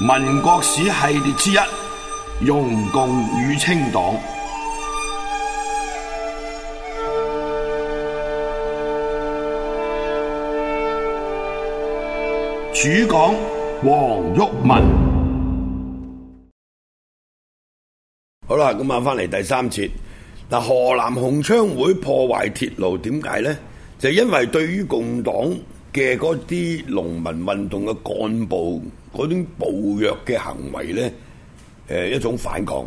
民國史系列之一：容共與清黨。主講黃毓民。好啦，今晚翻嚟第三節。河南紅槍會破壞鐵路，點解呢？就係，因為對於共黨。嘅嗰啲農民運動嘅幹部嗰種暴虐嘅行為呢，一種反抗，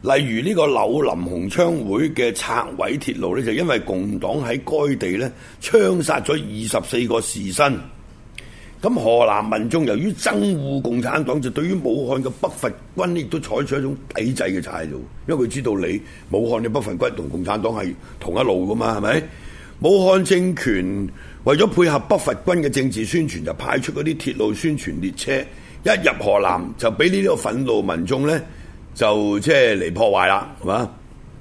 例如呢個柳林紅槍會嘅拆毀鐵路呢就是因為共黨喺該地呢槍殺咗二十四個士紳，咁河南民眾由於憎惡共產黨，就對於武漢嘅北伐軍亦都採取一種抵制嘅態度，因為佢知道你武漢嘅北伐軍同共產黨係同一路噶嘛，係咪？武漢政權。為咗配合北伐軍嘅政治宣傳，就派出嗰啲鐵路宣傳列車，一入河南就俾呢啲個憤怒民眾咧，就即係嚟破壞啦，係嘛？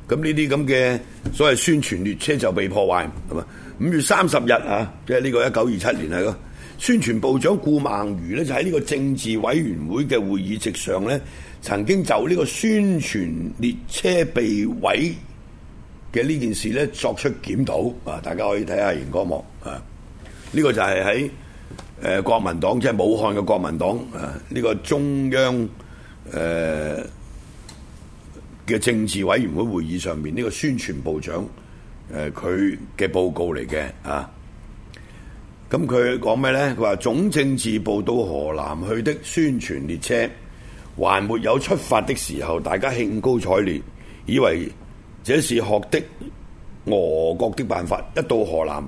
咁呢啲咁嘅所謂宣傳列車就被破壞，係嘛？五月三十日啊，即係呢個一九二七年係咯。宣傳部長顧孟餘咧就喺呢個政治委員會嘅會議席上咧，曾經就呢個宣傳列車被毀嘅呢件事咧作出檢討啊！大家可以睇下熒光幕啊！呢、這個就係喺誒國民黨，即係武漢嘅國民黨啊！呢、這個中央誒嘅、呃、政治委員會會議上面，呢、這個宣傳部長誒佢嘅報告嚟嘅啊！咁佢講咩呢？佢話總政治部到河南去的宣傳列車還沒有出發的時候，大家興高采烈，以為這是學的俄國的辦法，一到河南。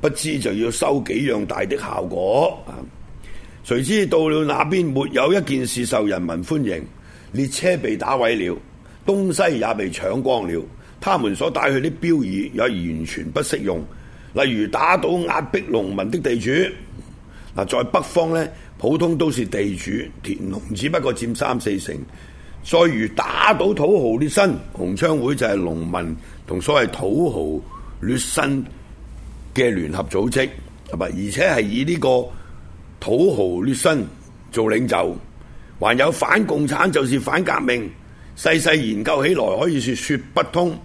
不知就要收幾樣大的效果啊！誰知到了那邊，沒有一件事受人民歡迎，列車被打毀了，東西也被搶光了。他們所帶去的標語也完全不適用，例如打倒壓迫農民的地主。嗱，在北方呢，普通都是地主、佃農，只不過佔三四成。再如打倒土豪劣紳」，紅槍會就係農民同所謂土豪劣紳」。嘅聯合組織，啊，而且係以呢個土豪劣紳做領袖，還有反共產就是反革命，細細研究起來可以説説不通，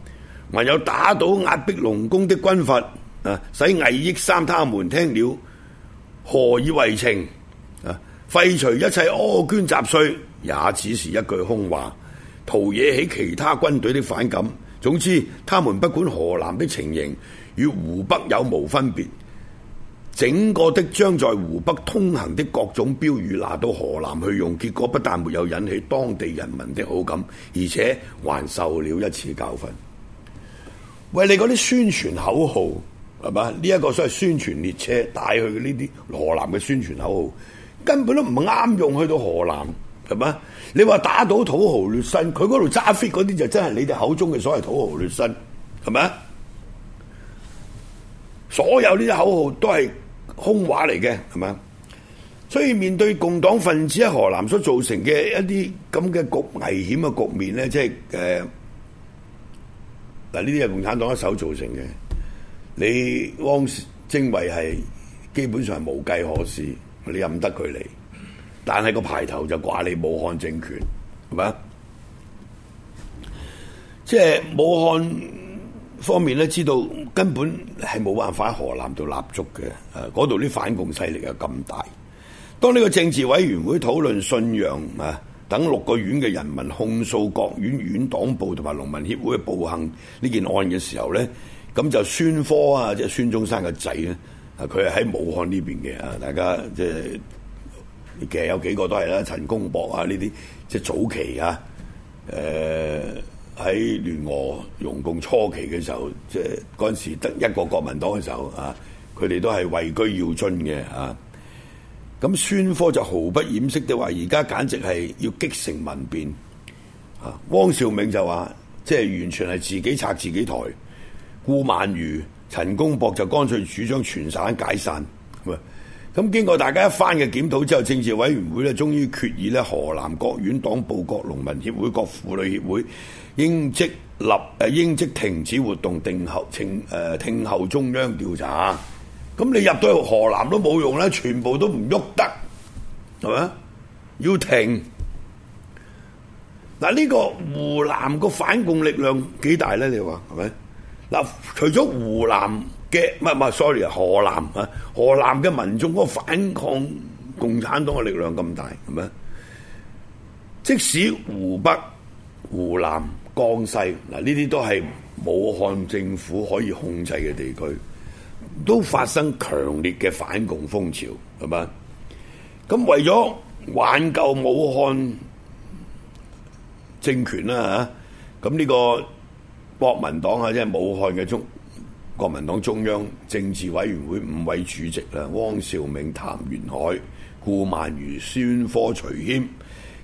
還有打倒壓迫農工的軍閥，啊，使魏益三他們聽了何以為情？啊，廢除一切苛捐雜稅也只是一句空話，徒惹起其他軍隊的反感。總之，他們不管河南的情形。與湖北有無分別？整個的將在湖北通行的各種標語拿到河南去用，結果不但沒有引起當地人民的好感，而且還受了一次教訓。喂，你嗰啲宣傳口號係嘛？呢一個所謂宣傳列車帶去嘅呢啲河南嘅宣傳口號，根本都唔啱用，去到河南，係嘛？你話打倒土豪劣紳，佢嗰度揸 fit 嗰啲就真係你哋口中嘅所謂土豪劣紳，係咪？所有呢啲口號都係空話嚟嘅，係咪？所以面對共黨分子喺河南所造成嘅一啲咁嘅局危險嘅局面咧，即係誒，嗱呢啲係共產黨一手造成嘅。你汪精衛係基本上係無計可施，你任得佢嚟，但係個牌頭就掛你武漢政權，係咪？即係武漢。方面咧，知道根本係冇辦法喺河南度立足嘅。誒嗰度啲反共勢力又咁大。當呢個政治委員會討論信陽啊等六個縣嘅人民控訴各縣縣黨部同埋農民協會嘅暴行呢件案嘅時候咧，咁就孫科啊，即係孫中山嘅仔咧，啊佢係喺武漢呢邊嘅啊，大家即係其實有幾個都係啦，陳公博啊呢啲即係早期啊，誒、呃。喺聯俄容共初期嘅時候，即係嗰陣時得一個國,國民黨嘅時候啊，佢哋都係位居要津嘅啊。咁孫科就毫不掩飾地話：，而家簡直係要激成民變啊！汪兆銘就話：，即、就、係、是、完全係自己拆自己台。顧孟餘、陳公博就乾脆主張全省解散。啊咁經過大家一番嘅檢討之後，政治委員會咧，終於決議咧，河南各縣黨部各農民協會、各婦女協會應即立誒、呃、應即停止活動，定候聽誒聽候中央調查。咁你入到去河南都冇用啦，全部都唔喐得，係咪要停嗱？呢、呢個湖南個反共力量幾大咧？你話係咪？嗱，除咗湖南。嘅唔係唔係，sorry，河南啊，河南嘅民眾嗰個反抗共產黨嘅力量咁大，係咪？即使湖北、湖南、江西嗱，呢啲都係武漢政府可以控制嘅地區，都發生強烈嘅反共風潮，係嘛？咁為咗挽救武漢政權啦嚇，咁呢個國民黨啊，即係武漢嘅中國民黨中央政治委員會五位主席啦，汪兆銘、譚元海、顧萬如、孫科、徐謙，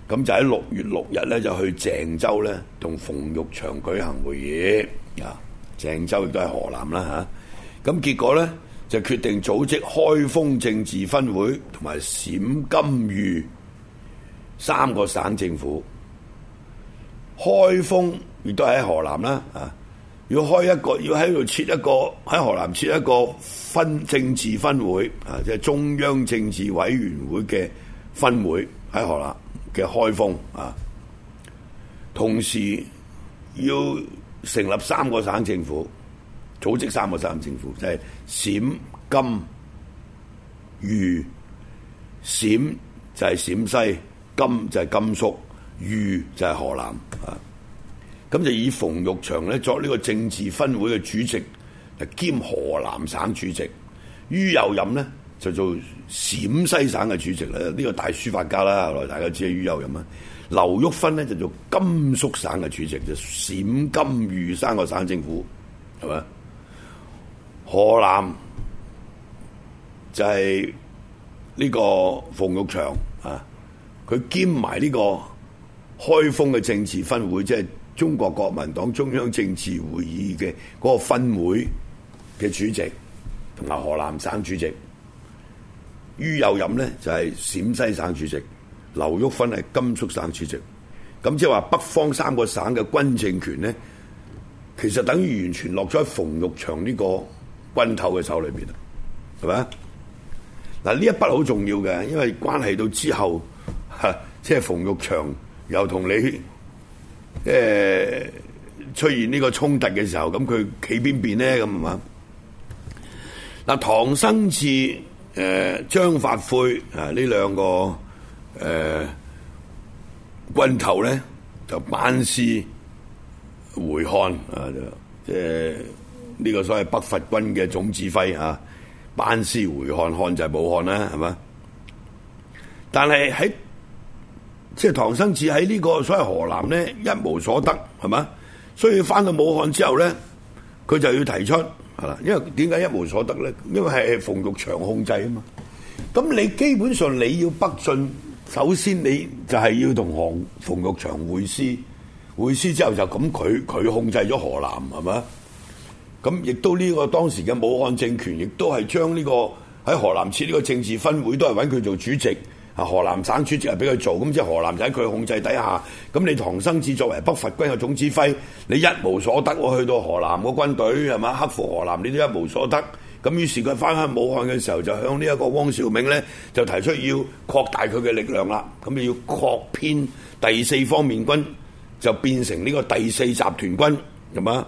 咁就喺六月六日咧，就去鄭州咧同馮玉祥舉行會議啊。鄭州亦都係河南啦嚇，咁結果咧就決定組織開封政治分會同埋陝甘豫三個省政府，開封亦都喺河南啦啊。要開一個，要喺度設一個，喺河南設一個分政治分會啊，即係中央政治委員會嘅分會喺河南嘅開封啊。同時要成立三個省政府，組織三個省政府，就係陝甘豫，陝就係陝西，甘就係甘肅，豫就係河南啊。咁就以馮玉祥咧作呢個政治分會嘅主席，就兼河南省主席。於右任呢就做陝西省嘅主席咧，呢、呢個大書法家啦，後來大家知係於右任啊。劉玉芬呢就做甘肅省嘅主席，就陝甘豫三個省政府，係咪？河南就係呢個馮玉祥啊，佢兼埋呢個開封嘅政治分會，即係。中國國民黨中央政治會議嘅嗰個分會嘅主席，同埋河南省主席于右任呢，就係、是、陝西省主席劉郁芬係甘肅省主席，咁即係話北方三個省嘅軍政權呢，其實等於完全落咗喺馮玉祥呢個軍頭嘅手裏邊啦，係咪啊？嗱呢一筆好重要嘅，因為關係到之後，即係馮玉祥又同你。誒、呃，出現呢個衝突嘅時候，咁佢企邊邊咧？咁啊，嗱，唐生智誒，張發奎啊，兩呃、呢兩個誒軍頭咧，就班師回漢啊，就即係呢個所謂北伐軍嘅總指揮啊，班師回漢，漢就係武漢啦，係嘛？但係喺即係唐生智喺呢個所謂河南咧一無所得係嘛，所以翻到武漢之後咧，佢就要提出係啦，因為點解一無所得咧？因為係馮玉祥控制啊嘛。咁你基本上你要北進，首先你就係要同行馮玉祥會師，會師之後就咁，佢佢控制咗河南係嘛？咁亦都呢個當時嘅武漢政權，亦都係將呢個喺河南設呢個政治分會，都係揾佢做主席。河南省主席係俾佢做，咁即係河南喺佢控制底下。咁你唐生智作為北伐軍嘅總指揮，你一無所得，我去到河南個軍隊係嘛，克服河南，你都一無所得。咁於是佢翻返武漢嘅時候，就向呢一個汪兆銘呢，就提出要擴大佢嘅力量啦。咁你要擴編第四方面軍，就變成呢個第四集團軍，係嘛？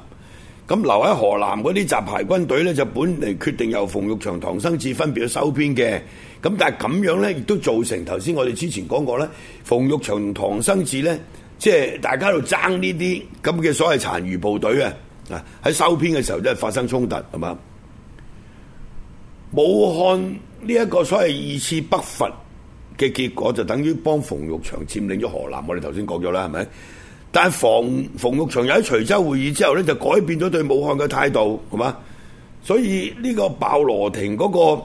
咁留喺河南嗰啲雜牌軍隊咧，就本嚟決定由馮玉祥、唐生智分別去收編嘅。咁但係咁樣咧，亦都造成頭先我哋之前講過咧，馮玉祥、唐生智咧，即係大家喺度爭呢啲咁嘅所謂殘餘部隊啊，啊喺收編嘅時候都係發生衝突，係嘛？武漢呢一個所謂二次北伐嘅結果，就等於幫馮玉祥佔領咗河南。我哋頭先講咗啦，係咪？但係馮馮玉祥又喺徐州會議之後咧，就改變咗對武漢嘅態度，係嘛？所以呢個鮑羅廷嗰、那個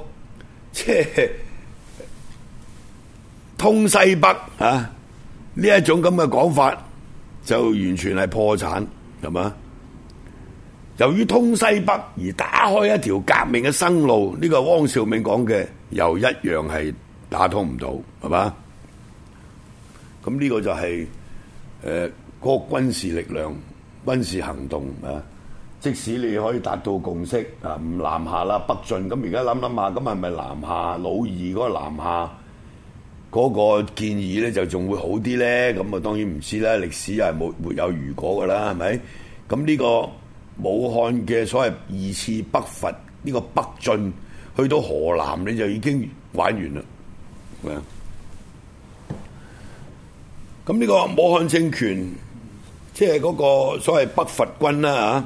即、就是、通西北啊，呢一種咁嘅講法就完全係破產，係嘛？由於通西北而打開一條革命嘅生路，呢、這個汪兆銘講嘅又一樣係打通唔到，係嘛？咁呢個就係、是、誒。呃嗰個軍事力量、軍事行動啊，即使你可以達到共識啊，唔南下啦、北進咁，而家諗諗下，咁係咪南下老二嗰個南下嗰、嗰個建議咧，就仲會好啲咧？咁啊，當然唔知啦，歷史係冇沒有如果噶啦，係咪？咁呢個武漢嘅所謂二次北伐，呢、呢個北進去到河南，你就已經玩完啦，係啊！咁呢個武漢政權。即係嗰個所謂北伐軍啦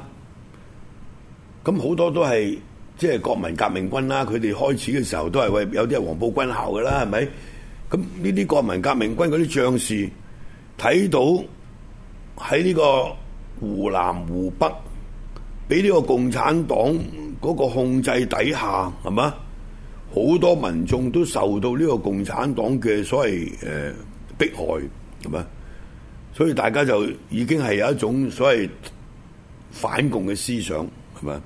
嚇，咁好多都係即係國民革命軍啦，佢哋開始嘅時候都係為有啲係黃埔軍校嘅啦，係咪？咁呢啲國民革命軍嗰啲將士睇到喺呢個湖南湖北俾呢個共產黨嗰個控制底下，係咪？好多民眾都受到呢個共產黨嘅所謂誒、呃、迫害，係咪？所以大家就已經係有一種所謂反共嘅思想，係咪？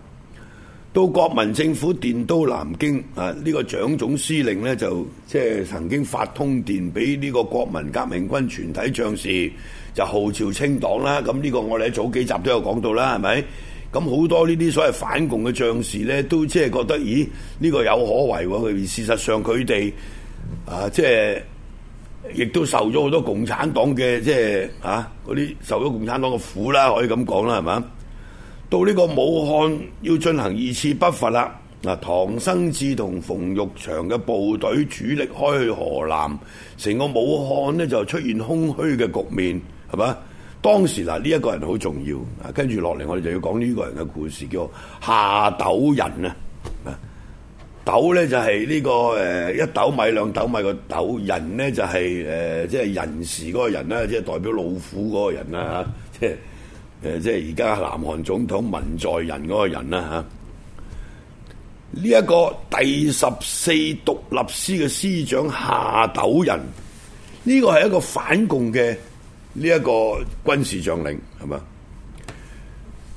到國民政府奠都南京啊，呢個蔣總司令呢，就即係曾經發通電俾呢個國民革命軍全體將士，就號召清黨啦。咁呢個我哋喺早幾集都有講到啦，係咪？咁好多呢啲所謂反共嘅將士呢，都即係覺得咦，呢個有可為喎。佢事實上佢哋啊，即係。亦都受咗好多共產黨嘅即係嗰啲受咗共產黨嘅苦啦，可以咁講啦，係嘛？到呢個武漢要進行二次北伐啦，嗱，唐生智同馮玉祥嘅部隊主力開去河南，成個武漢呢就出現空虛嘅局面，係嘛？當時嗱呢一個人好重要，啊，跟住落嚟我哋就要講呢個人嘅故事，叫夏斗寅啊。斗咧就係、是、呢、這個一斗米兩斗米個斗人呢就係誒即係人事嗰個人啦，即係代表老虎嗰個人啦嚇、啊，即係誒即係而家南韓總統文在人文在寅嗰個人啦嚇。呢、啊、一、這個第十四獨立師嘅師長夏斗寅，呢、這個係一個反共嘅呢一個軍事將領係嘛？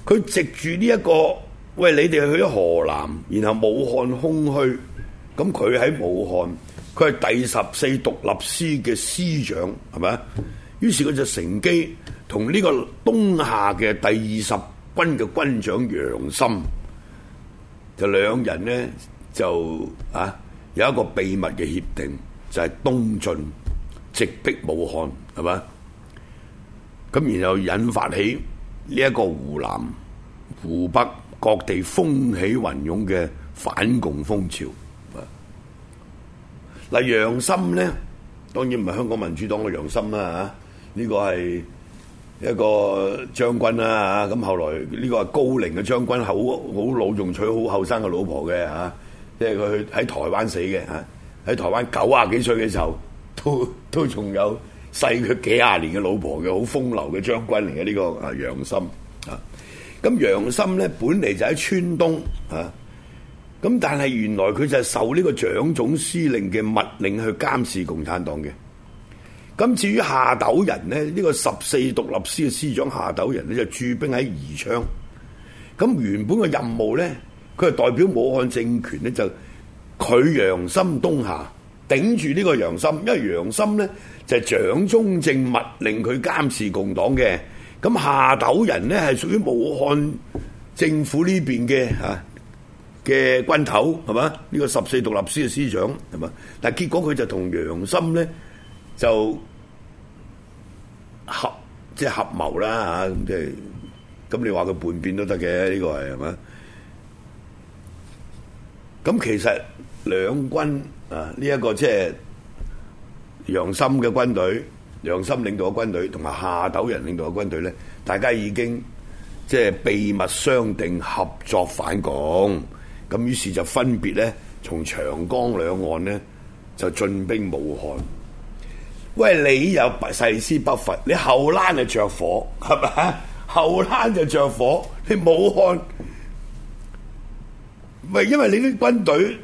佢藉住呢一個。喂，你哋去咗河南，然後武漢空虛，咁佢喺武漢，佢係第十四獨立師嘅師長，係咪啊？於是佢就乘機同呢個東下嘅第二十軍嘅軍長楊森，就兩人呢，就啊有一個秘密嘅協定，就係、是、東進直逼武漢，係咪啊？咁然後引發起呢一個湖南、湖北。各地風起雲湧嘅反共風潮啊！嗱、啊，楊森呢，當然唔係香港民主黨嘅楊森啦嚇，呢、啊呢個係一個將軍啦，咁、啊啊、後來呢個係高齡嘅將軍，好好老仲娶好後生嘅老婆嘅嚇，即係佢喺台灣死嘅嚇，喺、啊、台灣九啊幾歲嘅時候都都仲有細佢幾廿年嘅老婆嘅，好風流嘅將軍嚟嘅呢個啊楊森啊！呢個咁楊森呢本嚟就喺川東啊，咁但係原來佢就係受呢個蔣總司令嘅密令去監視共產黨嘅。咁至於夏斗人呢，呢個十四獨立師嘅師長夏斗人呢，就駐兵喺宜昌。咁原本嘅任務呢，佢係代表武漢政權呢，就拒楊森東下，頂住呢個楊森，因為楊森呢，就係蔣中正密令佢監視共黨嘅。咁夏斗寅呢，係屬於武漢政府呢邊嘅吓嘅軍頭係嘛？呢、這個十四獨立師嘅師長係嘛？但結果佢就同楊森呢，就合即係、就是、合謀啦吓，咁即係咁你話佢叛變都得嘅呢個係係嘛？咁其實兩軍啊呢一、這個即係楊森嘅軍隊。良心領導嘅軍隊同埋夏斗寅領導嘅軍隊咧，大家已經即係、就是、秘密商定合作反共，咁於是就分別咧從長江兩岸呢，就進兵武漢。喂，你又誓師北伐，你後欄就着火係嘛？後欄就着火，你武漢唔因為你啲軍隊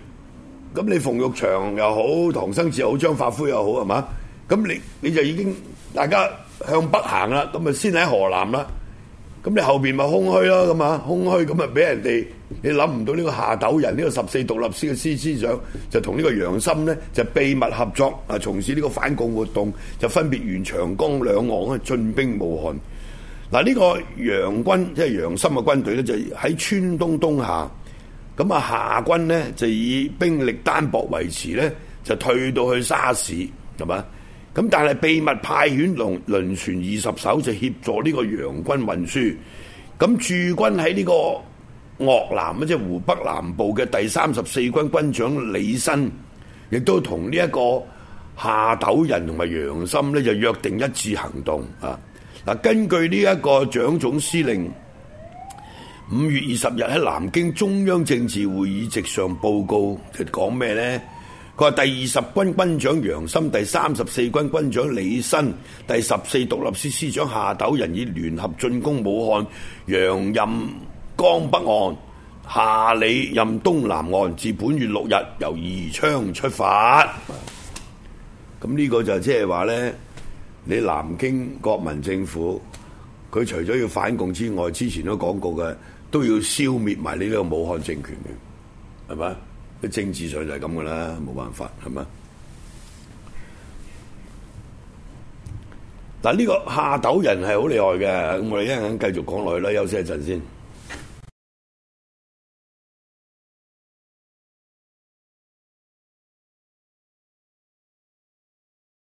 咁，你馮玉祥又好，唐生智又好，張發奎又好係嘛？咁你你就已經大家向北行啦，咁咪先喺河南啦。咁你後面咪空虛咯，咁啊空虛，咁咪俾人哋你諗唔到呢個夏斗寅呢、呢個十四獨立師嘅師師長就同呢個楊森呢就秘密合作啊，從事呢個反共活動，就分別沿長江兩岸咧進兵武漢嗱，呢個楊軍即係楊森嘅軍隊咧，就喺川東東下。咁啊，夏軍呢，就以兵力單薄為詞呢，就退到去沙市，係嘛？咁但係秘密派遣龍輪船二十艘，就協助呢個楊軍運輸，咁駐軍喺呢個鄂南，即係湖北南部嘅第三十四軍軍長李新，亦都同呢一個夏斗寅同埋楊森呢就約定一致行動啊！嗱，根據呢一個蔣總司令五月二十日喺南京中央政治會議席上報告，佢講咩呢？佢話第二十軍軍長楊森、第三十四軍軍長李新，第十四獨立師師長夏斗人，以聯合進攻武漢，楊任江北岸，夏李任東南岸，至本月六日由宜昌出發。咁呢個就即係話呢，你南京國民政府，佢除咗要反共之外，之前都講過嘅，都要消滅埋呢個武漢政權嘅，係咪？政治上就係咁嘅啦，冇辦法，係咪？嗱，呢個下鬥人係好厲害嘅，咁我哋一陣繼續講落去啦，休息一陣先。